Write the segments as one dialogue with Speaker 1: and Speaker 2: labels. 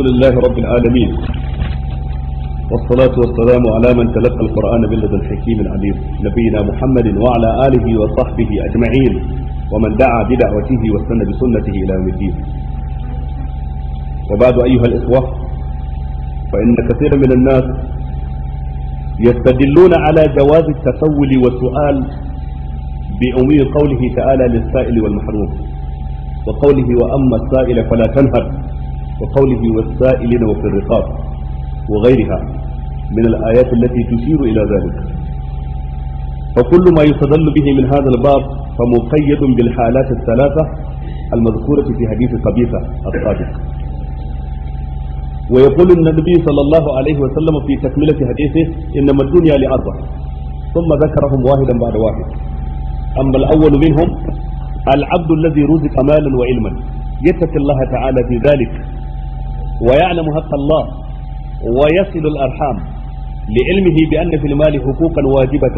Speaker 1: الحمد لله رب العالمين والصلاة والسلام على من تلقى القرآن من الحكيم العليم نبينا محمد وعلى آله وصحبه أجمعين ومن دعا بدعوته واستنى بسنته إلى يوم الدين وبعد أيها الإخوة فإن كثيرا من الناس يستدلون على جواز التسول والسؤال بأمور قوله تعالى للسائل والمحروم وقوله وأما السائل فلا تنهر وقوله والسائلين وفي الرقاب وغيرها من الآيات التي تشير إلى ذلك فكل ما يستدل به من هذا الباب فمقيد بالحالات الثلاثة المذكورة في حديث قبيحة الصادق ويقول النبي صلى الله عليه وسلم في تكملة حديثه إنما الدنيا لأربع ثم ذكرهم واحدا بعد واحد أما الأول منهم العبد الذي رزق مالا وعلما يتقي الله تعالى في ذلك ويعلم حق الله ويصل الأرحام لعلمه بأن في المال حقوقا واجبة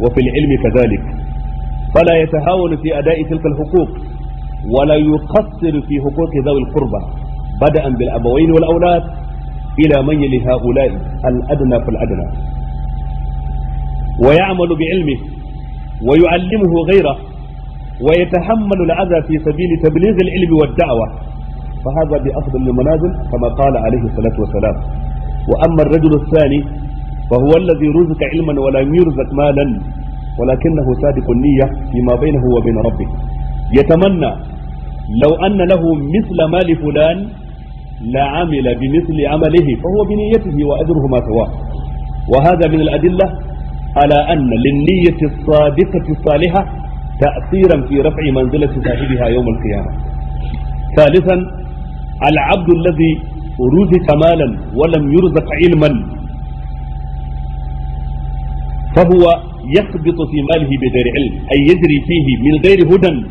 Speaker 1: وفي العلم كذلك فلا يتهاون في أداء تلك الحقوق ولا يقصر في حقوق ذوي القربى بدءا بالأبوين والأولاد إلى من يلي هؤلاء الأدنى فالأدنى ويعمل بعلمه ويعلمه غيره ويتحمل الأذى في سبيل تبليغ العلم والدعوة فهذا بأفضل المنازل كما قال عليه الصلاة والسلام وأما الرجل الثاني فهو الذي رزق علما ولم يرزق مالا ولكنه صادق النية فيما بينه وبين ربه يتمنى لو أن له مثل مال فلان لعمل بمثل عمله فهو بنيته وأجره ما سواه وهذا من الأدلة على أن للنية الصادقة الصالحة تأثيرا في رفع منزلة صاحبها يوم القيامة ثالثا العبد الذي رزق مالا ولم يرزق علما فهو يخبط في ماله بغير علم أي يجري فيه من غير هدى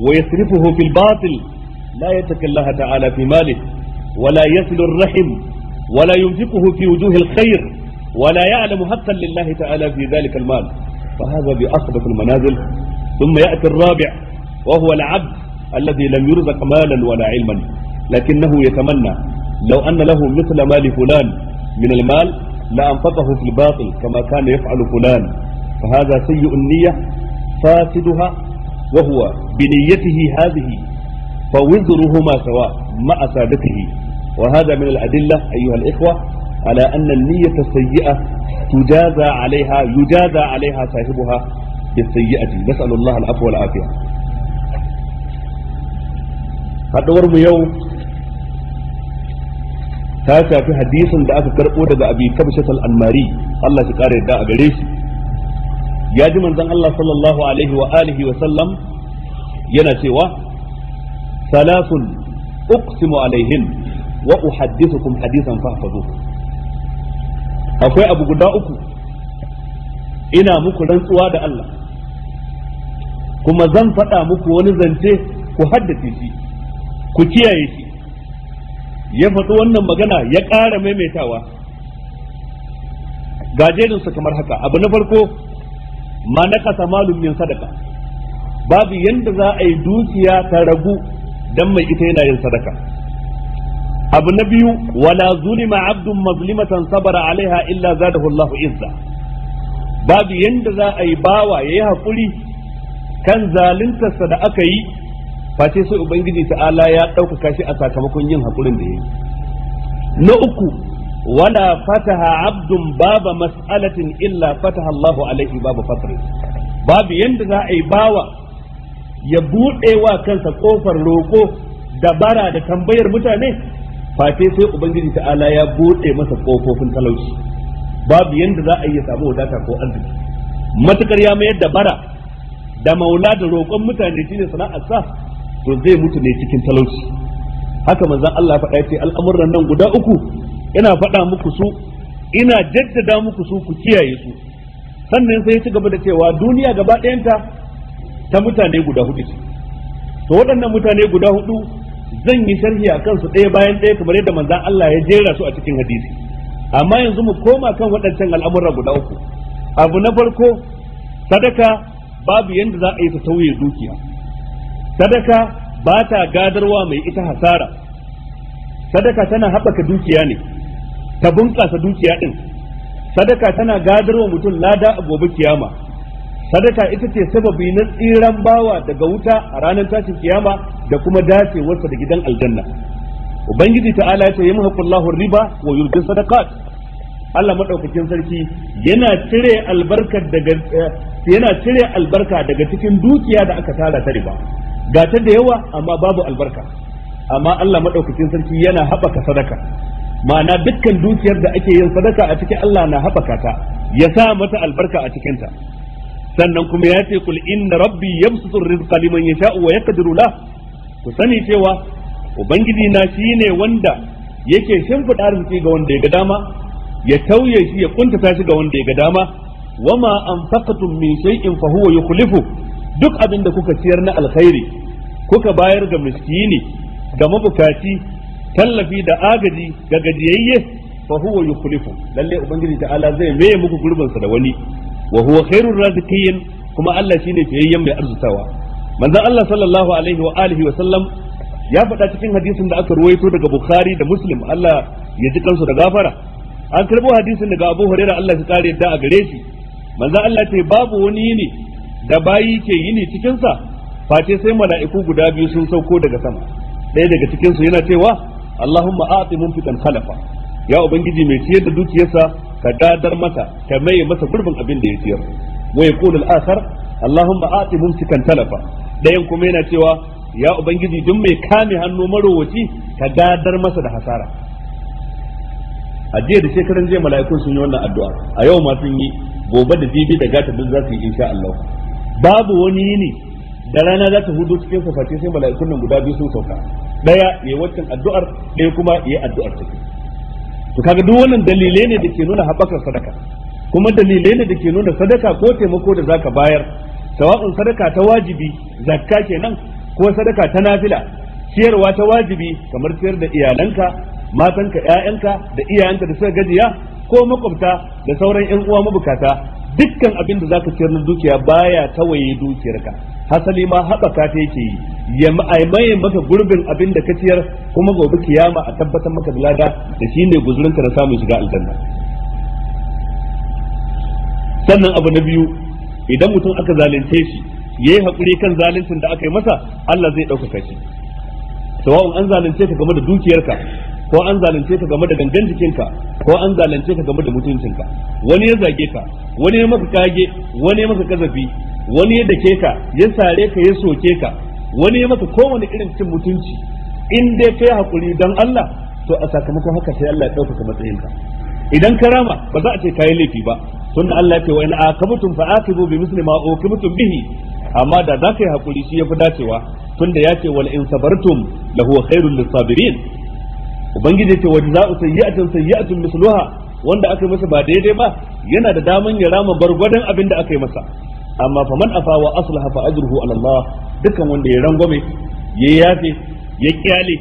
Speaker 1: ويصرفه في الباطل لا يتك الله تعالى في ماله ولا يصل الرحم ولا ينفقه في وجوه الخير ولا يعلم حقا لله تعالى في ذلك المال فهذا بأصبح المنازل ثم يأتي الرابع وهو العبد الذي لم يرزق مالا ولا علما لكنه يتمنى لو أن له مثل ما لفلان من المال لأنفقه في الباطل كما كان يفعل فلان فهذا سيء النية فاسدها وهو بنيته هذه فوزرهما سواء مع سادته وهذا من الأدلة أيها الإخوة على أن النية السيئة تجازى عليها يجازى عليها صاحبها بالسيئة نسأل الله العفو والعافية هذا يوم ta shafi hadisin da aka karbo daga abi kabshat al-anmari Allah shi kare yadda a gare shi ya ji manzon Allah sallallahu alaihi wa alihi wa sallam yana cewa salasun uqsimu alaihim wa uhaddithukum hadisan fahfazu akwai abu guda uku ina muku rantsuwa da Allah kuma zan faɗa muku wani zance ku haddace shi ku kiyaye shi ya faɗi wannan magana ya ƙara maimaitawa gajerinsa kamar haka abu na farko ma na kasa malum yin sadaka babu yadda za a yi dukiya ta ragu don mai ita yana yin sadaka abu na biyu wala zulima abdun mazlimatan sabara alaiha illa zadahu Allahu izza babu yadda za a yi bawa yayi haƙuri, kan zaluntarsa da aka yi face sai ubangiji ta'ala ya ɗaukaka shi a sakamakon yin haƙurin da ya yi na uku wala fataha abdun baba mas'alatin illa fataha Allahu alaihi babu fatri babu yanda za a yi bawa ya buɗe wa kansa kofar roƙo da bara da tambayar mutane fate sai ubangiji ta'ala ya buɗe masa kofofin talauci babu yanda za a yi ya samu wadata ko arziki matukar ya mayar da bara da maula da roƙon mutane shine sana'ar sa to zai mutu ne cikin talauci haka manzon Allah ya faɗa ce al'amuran nan guda uku ina faɗa muku su ina jaddada muku su ku kiyaye su sannan sai ya ci gaba da cewa duniya gaba ɗayanta ta mutane guda hudu to waɗannan mutane guda hudu zan yi sharhi a kansu ɗaya bayan ɗaya kamar yadda manzan Allah ya jera su a cikin hadisi amma yanzu mu koma kan waɗancan al'amuran guda uku abu na farko sadaka babu yadda za a yi ta tauye dukiya sadaka ba ta gadarwa mai ita hasara sadaka tana haɓaka dukiya ne ta bunƙasa dukiya ɗin sadaka tana gadarwa mutum lada a gobe kiyama sadaka ita ce sababi na tsiran bawa daga wuta a ranar tashin kiyama da kuma dacewarsa da gidan aljanna ubangiji ta'ala ya ce yamhaqullahu riba wa yurgin sadaka. Allah maɗaukakin sarki yana cire albarka daga eh, yana cire albarka daga cikin dukiya da aka tara ta riba ga ta da yawa amma babu albarka amma Allah madaukakin sarki yana haɓaka sadaka ma'ana dukkan dukiyar da ake yin sadaka a cikin Allah na haɓaka ta ya sa mata albarka a cikinta sannan kuma ya ce kul inna rabbi yamsutur rizqa liman yasha'u wa yaqdiru la ku sani cewa ubangiji na shine wanda yake shimfiɗa arziki ga wanda ya ga dama ya tauye shi ya kuntata shi ga wanda ya ga dama wama anfaqtum min shay'in fa huwa yukhlifu duk abinda kuka ciyar na alkhairi kuka bayar ga miskini ga mabukaci tallafi da agaji ga gajiyayye fa huwa yukhlifu lalle ubangiji ta'ala zai maye muku gurbin sa da wani wa huwa khairur raziqin kuma Allah shine fiyayyen mai arzutawa manzon Allah sallallahu alaihi wa alihi wa sallam ya faɗa cikin hadisin da aka ruwaito daga Bukhari da Muslim Allah ya ji kansu da gafara an karbo hadisin daga Abu Hurairah Allah ya kare yadda a gare shi manzon Allah ce babu wani ne da bayi ke yini cikin sa face sai mala'iku guda biyu sun sauko daga sama ɗaya daga cikin su yana cewa Allahumma a'ti munfiqan khalafa ya ubangiji mai ciyar da dukiyarsa ka dadar mata ka maye masa gurbin abin da ya ciyar wa yaqulu al-akhar Allahumma a'ti munfiqan talafa ɗayan kuma yana cewa ya ubangiji duk mai kame hannu marowaci ka dadar masa da hasara a jiya da shekaran jiya mala'ikun sun yi wannan addu'a a yau ma sun yi gobe da bibi da gata duk za su yi insha Allah babu wani yini da rana za ta hudu cikin sa sai mala'ikun nan guda biyu sun sauka daya yayi waccan addu'ar daya kuma yayi addu'ar take to kaga duk wannan dalilai ne da ke nuna haɓakar sadaka kuma dalilai ne da ke nuna sadaka ko taimako da zaka bayar sawa'un sadaka ta wajibi zakka kenan ko sadaka ta nafila ciyarwa ta wajibi kamar ciyar da iyalanka matanka ƴaƴanka da iyayenka da suka gajiya ko makwabta da sauran ƴan uwa mabukata dukkan abin da zaka ciyar na dukiya baya tawaye dukiyarka hasali ma haɓaka ta yake yi ya maimaye maka gurbin abin da ka kuma gobe kiyama a tabbatar maka da lada da shi ne guzurinka na samun shiga aljanna sannan abu na biyu idan mutum aka zalunce shi ya yi haƙuri kan zaluncin da aka yi masa Allah zai ɗaukaka shi sawa'un an zalunce ka game da dukiyarka ko an zalunce ka game da gangan jikinka ko an zalunce ka game da mutuncinka wani ya zage ka wani ya maka kage wani ya maka kazafi wani ya dake ka ya sare ka ya soke ka wani ya maka kowane irin cin mutunci in dai kai hakuri don Allah to a sakamakon haka sai Allah ya ɗaukaka matsayinka idan ka rama, ba za a ce kayi laifi ba tunda Allah ce wa in aqabtum fa aqibu bi misli ma bihi amma da za ka yi hakuri shi fi dacewa tunda ya ce wal in sabartum la huwa khairul lisabirin ubangiji ce wa jazaa'u sayyi'atin sayyi'atun misluha wanda aka yi masa ba daidai ba yana da daman ya rama bargwadon abin da aka yi masa amma faman afa wa aslaha fa ajruhu ala Allah dukkan wanda ya rangwame ya yafe ya kyale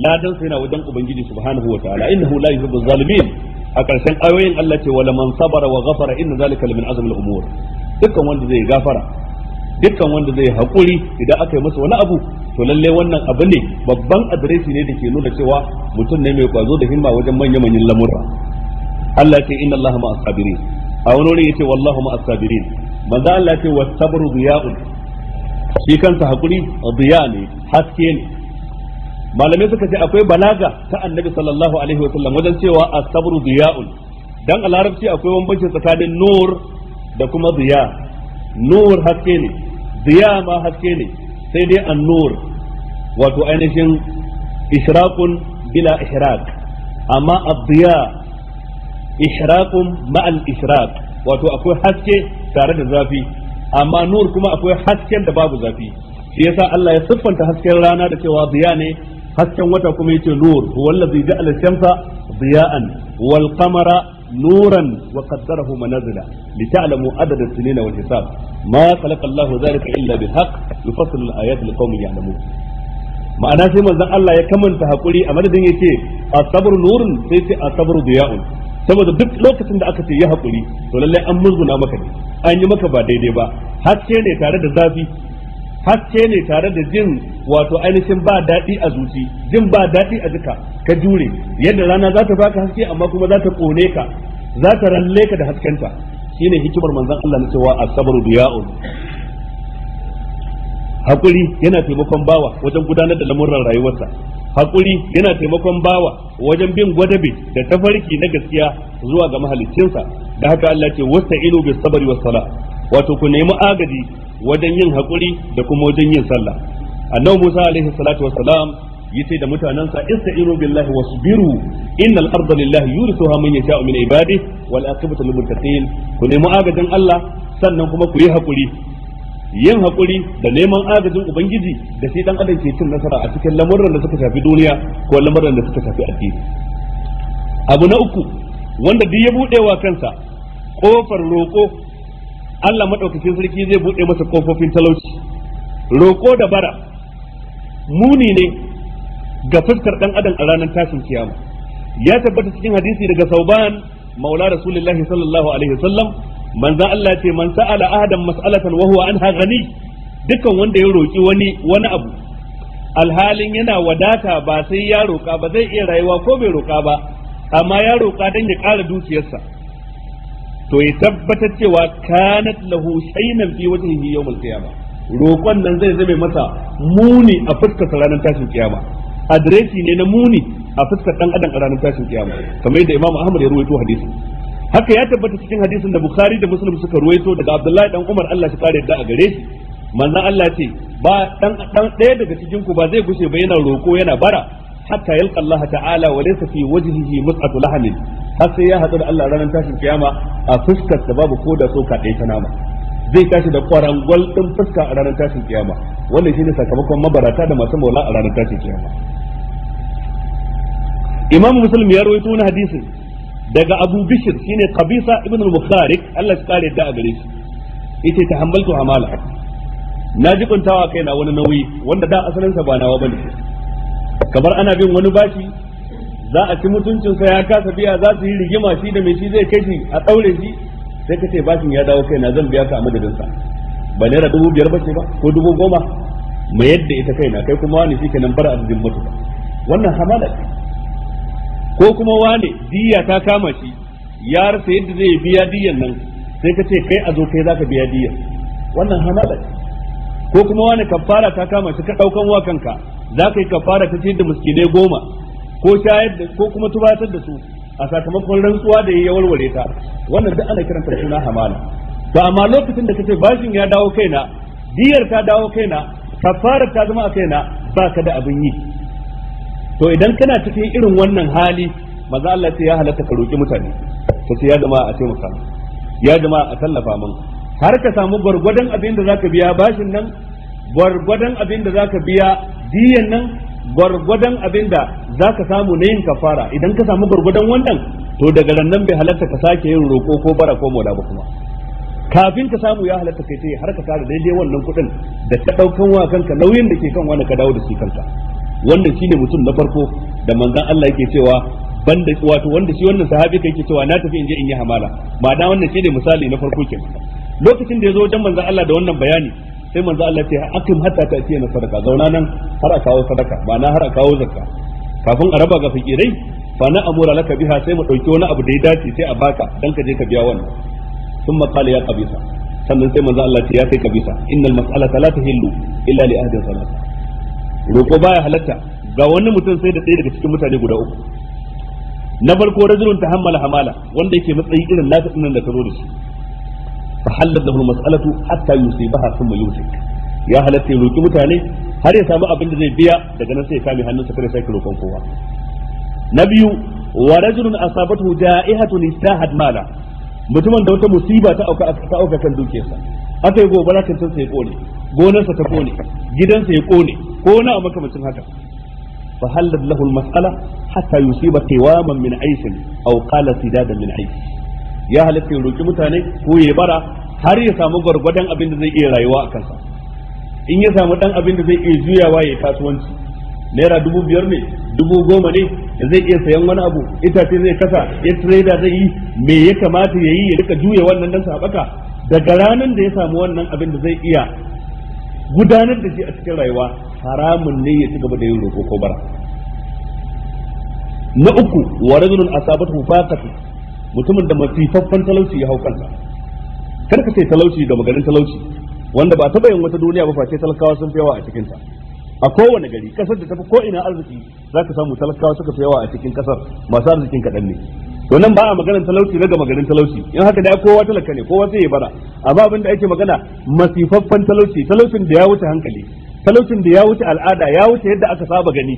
Speaker 1: ladan sa yana wajen ubangiji subhanahu wa ta'ala innahu la yuhibbu zalimin a ƙarshen ayoyin Allah ce wala man sabara wa ghafara inna zalika min azmil umur dukkan wanda zai gafara dukkan wanda zai haƙuri idan aka yi masa wani abu to lalle wannan abu ne babban adiresi ne da ke nuna cewa mutum ne mai kwazo da himma wajen manya manyan lamurra Allah ce inna Allah ma asabirin a wani wurin yace wallahu ma asabirin manzo Allah ce wa sabru diya'un shi kansa hakuri diya ne haske ne malamai suka ce akwai balaga ta annabi sallallahu alaihi wa sallam wajen cewa as-sabru diya'un dan a larabci akwai bambanci tsakanin nur da kuma diya nur haske ne diya ma haske ne sai dai an-nur wato ainihin ishraqun bila ishraq amma ad-diya ishraqun ma'al ishraq wato akwai haske tare da zafi amma nur kuma akwai hasken da babu zafi shi yasa Allah ya siffanta hasken rana da cewa ziya ne hasken wata kuma yace nur wallazi ja'ala shamsa diya'an wal qamara nuran wa qaddarahu manazila lita'lamu adada sinina wal hisab ma khalaqa Allahu dhalika illa bil haqq yufassilu al-ayati liqaumin ya'lamun ma'ana sai manzon Allah ya kamanta hakuri a madadin yace as-sabru nurun sai ce as-sabru saboda duk lokacin da aka ce ya haƙuri to lallai an murguna maka ne an yi maka ba daidai ba haske ne tare da zafi haske ne tare da jin wato ainihin ba daɗi a zuci jin ba daɗi a jika ka jure yadda rana za ta baka haske amma kuma za ta ƙone ka za ta ralle ka da haskenta shine hikimar manzon Allah na cewa as-sabru biya'un hakuri yana taimakon bawa wajen gudanar da lamuran rayuwarsa hakuri yana taimakon bawa wajen bin gwadabe da tafarki na gaskiya zuwa ga mahaliccinsa da haka Allah ce wasta'inu bis sabari wa sala wato ku nemi agaji wajen yin hakuri da kuma wajen yin sallah annabi Musa alaihi salatu wassalam yace da mutanansa ista'inu billahi wasbiru innal arda lillahi yurithuha man yasha'u min ibadihi wal aqibatu lil muttaqin ku nemi agajin Allah sannan kuma ku yi hakuri yin hakuri da neman agajin ubangiji da sai dan adam ke cin nasara a cikin lamuran da suka shafi duniya ko lamuran da suka shafi addini abu na uku wanda duk ya bude wa kansa kofar roko Allah madaukakin sarki zai buɗe masa kofofin talauci roko da bara muni ne ga fuskar dan adam a ranar tashin kiyama ya tabbata cikin hadisi daga sauban maula rasulullahi sallallahu alaihi wasallam manzan Allah ce man sa'ala ahadan mas'alatan wa huwa anha ghani dukkan wanda ya roki wani wani abu alhalin yana wadata ba sai ya roka ba zai iya rayuwa ko bai roka ba amma ya roka dan ya kara dukiyarsa to ya tabbatar cewa kanat lahu shaynan fi wajhihi yawmal qiyamah roƙon nan zai zame masa muni a fuskar ranar tashin kiyama Adresi ne na muni a fuskar dan adam a ranar tashin kiyama kamar yadda imam ahmad ya ruwaito hadisi haka ya tabbata cikin hadisin da bukhari da muslim suka ruwaito daga abdullahi dan umar Allah shi kare yadda a gare shi manzon Allah ce ba dan dan ɗaya daga cikin ku ba zai gushe ba yana roko yana bara hatta yalqa Allah ta'ala wa laysa fi wajhihi mus'atu lahamin har sai ya hadu da Allah ranar tashin kiyama a fuskar sa babu ko da so ka ta nama zai tashi da kwarangwal din fuska a ranar tashin kiyama wannan shine sakamakon mabarata da masu maula a ranar tashin kiyama imam muslim ya rawaito wani hadisin daga Abu Bishr shine Qabisa ibn al-Mukharik Allah ya kare da a gare shi yace ta hambaltu hamala na ji kuntawa kaina wani nauyi wanda da asalin sa ba nawa bane kamar ana bin wani bashi za a ci mutuncinsa ya kasa biya za su yi rigima shi da mai shi zai kai shi a daure shi sai ka ce bashin ya dawo kaina zan biya ka a madadin sa ba naira dubu biyar ba ce ba ko dubu goma mu yadda ita kaina kai kuma wani shi kenan bar arzikin mutu wannan hamala ce ko kuma wane diya ta kama shi ya rasa yadda zai biya diyan nan sai ka ce kai a zo kai zaka biya diyan wannan hamala ce ko kuma wani kafara ta kama shi ka daukan wa kanka zaka yi kafara ta ce da goma ko shayar da kuma tubatar da su a sakamakon rantsuwa da ya warware ta wannan duk ana kiranta suna hamala to amma lokacin da kace bashin ya dawo kaina diyar ta dawo kaina kafara ta zama a kaina baka da abin yi to idan kana cikin irin wannan hali maza Allah sai ya halatta ka roki mutane to sai ya jama'a a taimaka ya jama'a a tallafa min har ka samu gwargwadon abin da zaka biya bashin nan gwargwadon abin da zaka biya diyan nan gwargwadon abin da zaka samu na yin kafara idan ka samu gwargwadon wannan to daga nan bai halatta ka sake yin roko ko bara ko mola ba kuma kafin ka samu ya halatta kai sai har ka tare daidai wannan kuɗin da ka ɗaukan wa kanka nauyin da ke kan wani ka dawo da shi kanka Wanda shine mutum na farko da manzon Allah yake cewa banda wato wanda shi wannan sahabi kai yake cewa na tafi in je in yi hamala ba da wannan shine misali na farko ke. lokacin da ya zo wajen manzon Allah da wannan bayani sai manzon Allah ya ce akim hatta ta tiya na sadaka zauna nan har a kawo sadaka ba na har a kawo zakka kafin a raba ga fakirai fa na amura laka biha sai mu dauki wani abu da ya dace sai a baka dan ka je ka biya wannan thumma qala ya qabisa sannan sai manzo Allah ce ya kai kabisa innal mas'alata la tahillu illa li ahdi salata roƙo baya halatta ga wani mutum sai da ɗaya daga cikin mutane guda uku na farko rajulun hammala hamala wanda yake matsayi irin lafi dinnan da ka zo da shi fa halal da mas'alatu hatta yusibaha thumma yusik ya halatta ya roki mutane har ya samu abin da zai biya daga nan sai ya kame hannunsa kada sai roƙon kowa na biyu wa rajulun asabatu ja'ihatun istahad mala mutumin da wata musiba ta auka ta auka kan dukiyarsa aka yi gobara kan sai ya kone gonarsa ta kone gidansa ya kone ko na a makamacin haka fa halal lahu al-mas'ala hatta yusiba qiwaman min aisin aw qala sidadan min aisin ya halatta ya roki mutane ko ya bara har ya samu gwargwadon abin da zai iya rayuwa a kansa in ya samu dan abin da zai iya juyawa ya kasuwanci naira dubu biyar ne dubu goma ne zai iya sayan wani abu itace zai kasa ya trader zai yi me ya kamata ya yi ya rika juya wannan dan sabaka daga ranar da ya samu wannan abin da zai iya gudanar da shi a cikin rayuwa haramun ne ya ci gaba da yin roƙo ko bara na uku wa rajulun asabatu faqatu mutumin da mafifaffan talauci ya hau kansa kar ka ce talauci da maganin talauci wanda ba ta bayan wata duniya ba face talakawa sun fi yawa a ta a kowane gari kasar da tafi ko ina arziki za ka samu talakawa suka fi yawa a cikin kasar masu arzikin kaɗan ne to nan ba a maganar talauci na ga maganin talauci in haka da kowa talaka ne kowa zai yi bara amma abin da ake magana masifaffan talauci talaucin da ya wuce hankali talaucin da ya wuce al'ada ya wuce yadda aka saba gani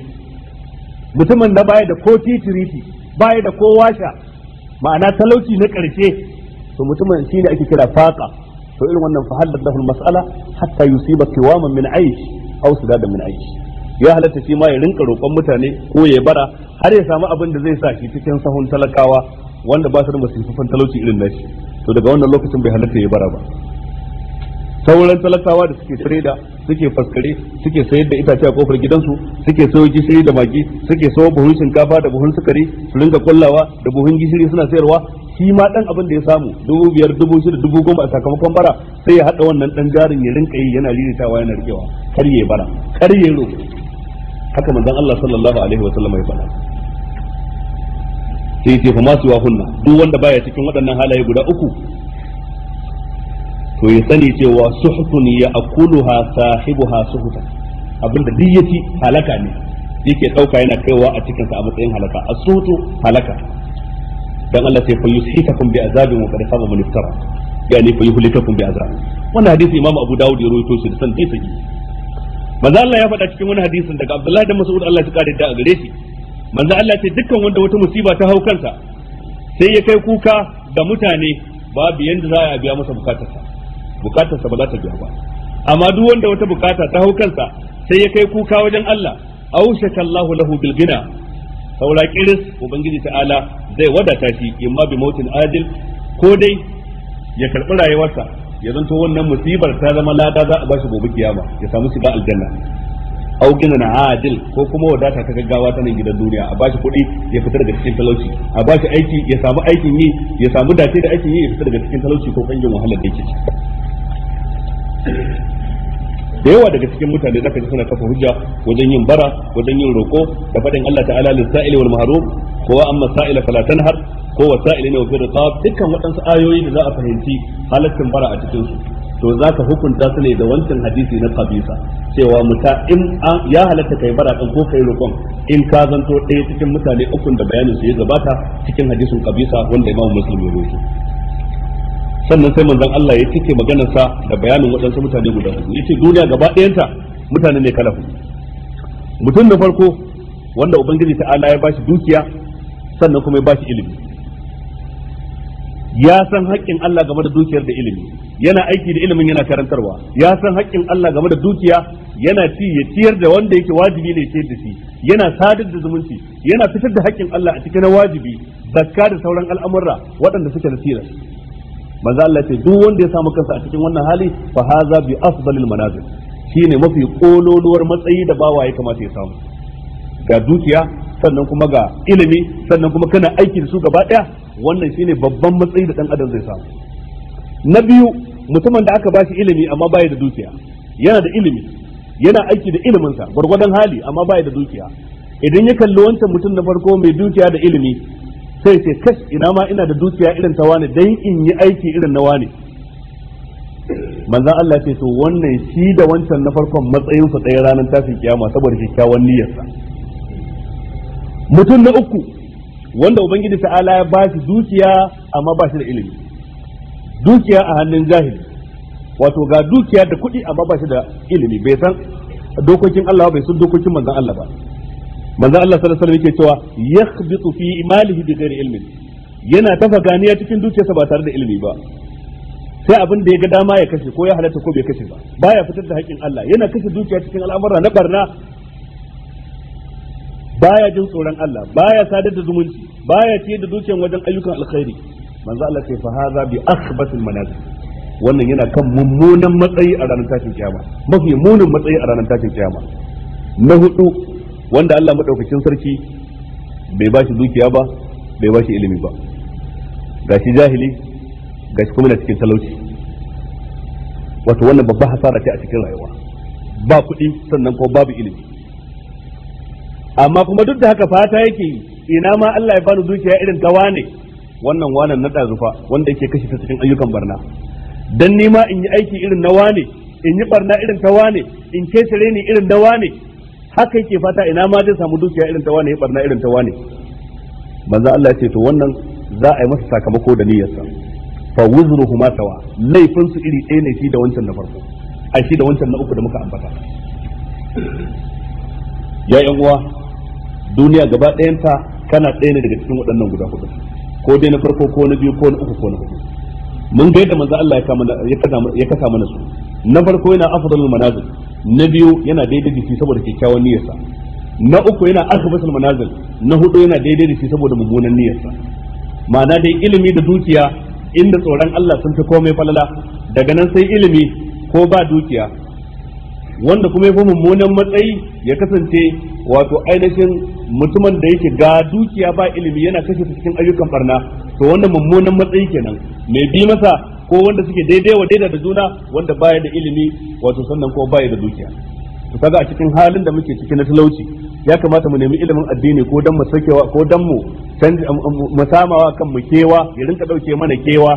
Speaker 1: mutumin na baya da ko titiriti baya da ko washa ma'ana talauci na karshe to mutumin shi ne ake kira faqa to irin wannan fa haddad lahu mas'ala hatta yusiba qiwaman min aish aw sudadan min aish ya halatta shi ma ya rinka roƙon mutane ko ya bara har ya samu abin da zai sa shi cikin sahun talakawa wanda ba su da masifafan talauci irin nashi to daga wannan lokacin bai halatta ya bara ba sauran talakawa da suke da suke faskare suke sayar da itace a kofar gidansu suke sayo gishiri da magi suke sayo buhun shinkafa da buhun sukari su rinka kullawa da buhun gishiri suna sayarwa shi ma dan abin da ya samu dubu biyar dubu shida dubu goma a sakamakon bara sai ya haɗa wannan dan jarin ya rinka yi yana riritawa yana rikewa kar ya bara kar ya roƙo haka manzon Allah sallallahu alaihi wa sallam ya faɗa sai ce fa masu duk wanda baya cikin waɗannan halaye guda uku to ya sani cewa suhutun ya akuluha ha suhutan abinda duk yaci halaka ne yake dauka yana kaiwa a cikin sa a matsayin halaka asutu halaka dan Allah sai fa yusihikakum bi azabin wa qad khaba man iftara yani fa yuhlikakum bi azab wannan hadisi Imam Abu Dawud ya rawaito shi da san sai sai manzo Allah ya faɗa cikin wani hadisin daga Abdullahi da Mas'ud Allah ya kare da a gare shi manzo Allah ce dukkan wanda wata musiba ta hau kansa sai ya kai kuka ga mutane babu yanda za a biya masa bukatarsa bukatarsa ba za ta biya ba amma duk wanda wata bukata ta hau kansa sai ya kai kuka wajen Allah aushaka Allahu lahu bil gina saura kiris ubangiji ta'ala zai wadata shi imma bi mautin adil ko dai ya karbi rayuwarsa ya zanto wannan musibar ta zama lada za a bashi gobe kiyama ya samu shiga aljanna au gina na adil ko kuma wadata ta gaggawa ta nan gidan duniya a bashi kuɗi ya fita daga cikin talauci a bashi aiki ya samu aikin yi ya samu dace da aikin yi ya fita daga cikin talauci ko kangin wahalar da yake da yawa daga cikin mutane zaka ji suna kafa hujja wajen yin bara wajen yin roko da fadin Allah ta'ala lil saili wal mahrum ko wa amma sa'ila fala tanhar ko wa sa'ilina wa fir dukkan waɗansu ayoyi da za a fahimci halaccin bara a cikin su to zaka hukunta su ne da wancan hadisi na kabisa cewa muta in ya halatta kai bara kan ko kai rokon in ka zanto ɗaya cikin mutane ukun da bayanin su ya gabata cikin hadisin kabisa wanda Imam Muslim ya rawaito sannan sai manzon Allah ya cike maganarsa da bayanin waɗansu mutane guda hudu yace duniya gaba ɗayanta mutane ne kala hudu mutum na farko wanda ubangiji ta'ala ya bashi dukiya sannan kuma ya bashi ilimi ya san haƙƙin Allah game da dukiyar da ilimi yana aiki da ilimin yana karantarwa ya san haƙƙin Allah game da dukiya yana ci ya ciyar da wanda yake wajibi ne ciyar da shi yana sadar da zumunci yana fitar da haƙƙin Allah a cikin wajibi zakka da sauran al'amurra waɗanda suke da tsira Maza Allah ce duk wanda ya samu kansa a cikin wannan hali fa haza bi afdalil manazil shine mafi kololuwar matsayi da bawa ya kamata ya samu ga dukiya sannan kuma ga ilimi sannan kuma kana aiki da su gaba daya wannan shine babban matsayi da dan adam zai samu na biyu mutumin da aka ba shi ilimi amma bai da dukiya yana da ilimi yana aiki da iliminsa gwargwadon hali amma bai da dukiya idan ya kalli wancan mutum na farko mai dukiya da ilimi sai ce kas ina ma ina da dukiya irin ta wani dan in yi aiki irin na wani manzan Allah ce to wannan shi da wancan na farkon matsayin sa tsaye ranar tafin kiyama saboda kyakkyawan niyyarsa mutum na uku wanda ubangiji Ala ya bashi dukiya amma ba shi da ilimi dukiya a hannun jahili wato ga dukiya da kuɗi amma ba shi da ilimi bai san dokokin Allah bai san dokokin manzan Allah ba manzo Allah sallallahu alaihi wasallam yake cewa yakhbitu fi malihi bi ghairi ilmin yana tafaganiya cikin dukiyarsa ba tare da ilimi ba sai abin da ya ga dama ya kashe ko ya halatta ko bai kashe ba baya fitar da haƙƙin Allah yana kashe dukiya cikin al'amura na barna baya jin tsoron Allah baya sadar da zumunci baya ce da dukiyan wajen ayyukan alkhairi manzo Allah sai fa hadha bi akhbatil manazil wannan yana kan mummunan matsayi a ranar tashin kiyama mafi munin matsayi a ranar tashin kiyama na hudu wanda Allah madaukakin sarki bai ba shi dukiya ba bai ba shi ilimi ba gashi jahili gashi kuma na cikin talauci wato wannan babban hasara ce a cikin rayuwa ba kuɗi sannan ko babu ilimi amma kuma duk da haka fata yake yi ina ma Allah ya bani dukiya irin ta wane wannan wanan na ɗazufa wanda yake kashe ta cikin ayyukan barna dan nima in yi aiki irin na wane in yi barna irin ta wane in kesare ni irin na wane haka yake fata ina ma zai samu dukiya irin ta wane barna irin ta wane manzo Allah ya ce to wannan za a yi masa sakamako da niyyarsa fa wuzruhu ma sawa laifin su iri ɗaya ne shi da wancan na farko ai shi da wancan na uku da muka ambata ya yan uwa duniya gaba ta kana ɗaya ne daga cikin waɗannan guda hudu ko dai na farko ko na biyu ko na uku ko na hudu mun ga yadda manzo Allah ya kasa mana ya kasa mana su na farko yana afdalul manazil na biyu yana daidai da shi saboda kyakkyawan niyyarsa na uku yana akhbasul manazil na hudu yana daidai da shi saboda mummunan niyyarsa ma'ana dai ilimi da dukiya inda tsoron Allah sun fi komai falala daga nan sai ilimi ko ba dukiya wanda kuma ya fi mummunan matsayi ya kasance wato ainihin mutumin da yake ga dukiya ba ilimi yana kashe cikin ayyukan barna to wannan mummunan matsayi kenan mai bi masa ko wanda suke daidai wa daidai da juna wanda baya da ilimi wato sannan ko baya da dukiya to kaga a cikin halin da muke ciki na talauci ya kamata mu nemi ilimin addini ko dan mu sakewa ko dan mu mu samawa kan mu kewa ya rinka dauke mana kewa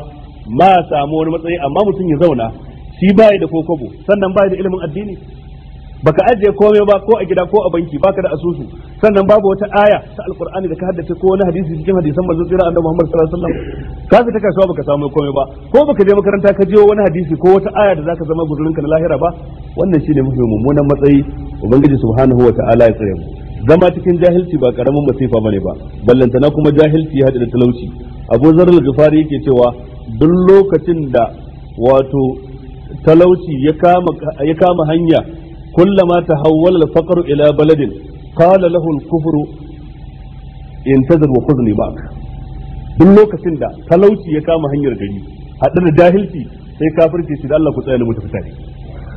Speaker 1: ma samu wani matsayi amma mutum ya zauna shi baya da kokobo sannan baya da ilimin addini baka ajiye komai ba ko a gida ko a banki baka da asusu sannan babu wata aya ta alqur'ani da ka haddace ko wani hadisi cikin hadisan manzon tsira annabi Muhammad sallallahu alaihi wasallam ka fita kasuwa baka samu komai ba ko baka je makaranta ka je wani hadisi ko wata aya da zaka zama guzurinka na lahira ba wannan shine mafi mummunan matsayi ubangiji subhanahu wa ta'ala ya tsare mu zama cikin jahilci ba karamin masifa bane ba ballantana kuma jahilci ya da talauci abu zarrul gifari yake cewa duk lokacin da wato talauci ya kama hanya كلما تحول الفقر إلى بلد قال له الكفر انتظر وخذني معك duk lokacin da talauci ya kama hanyar gari haɗe da jahilci sai kafirce shi da Allah ku tsaya na mutu fitare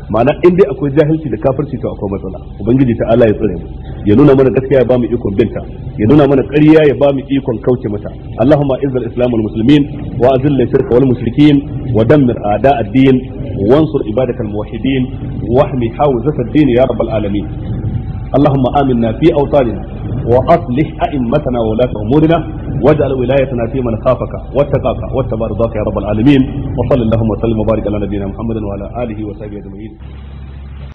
Speaker 1: ma'ana in dai akwai jahilci da kafirci to akwai matsala ubangiji ta Allah ya tsare mu ya nuna mana gaskiya ya ba mu ikon binta ya nuna mana ƙarya ya ba mu ikon kauce mata Allahumma izzil islam wal muslimin wa azil shirka wal mushrikin wa dammir a'da ad-din wansur ibadak al muwahhidin wa ahmi hawzat ad-din ya rabbal alamin اللهم آمنا وأصلح أئمتنا وولاة أمورنا واجعل ولايتنا في من خافك واتقاك واتبع رضاك يا رب العالمين وصل اللهم وسلم وبارك على نبينا محمد وعلى آله وصحبه أجمعين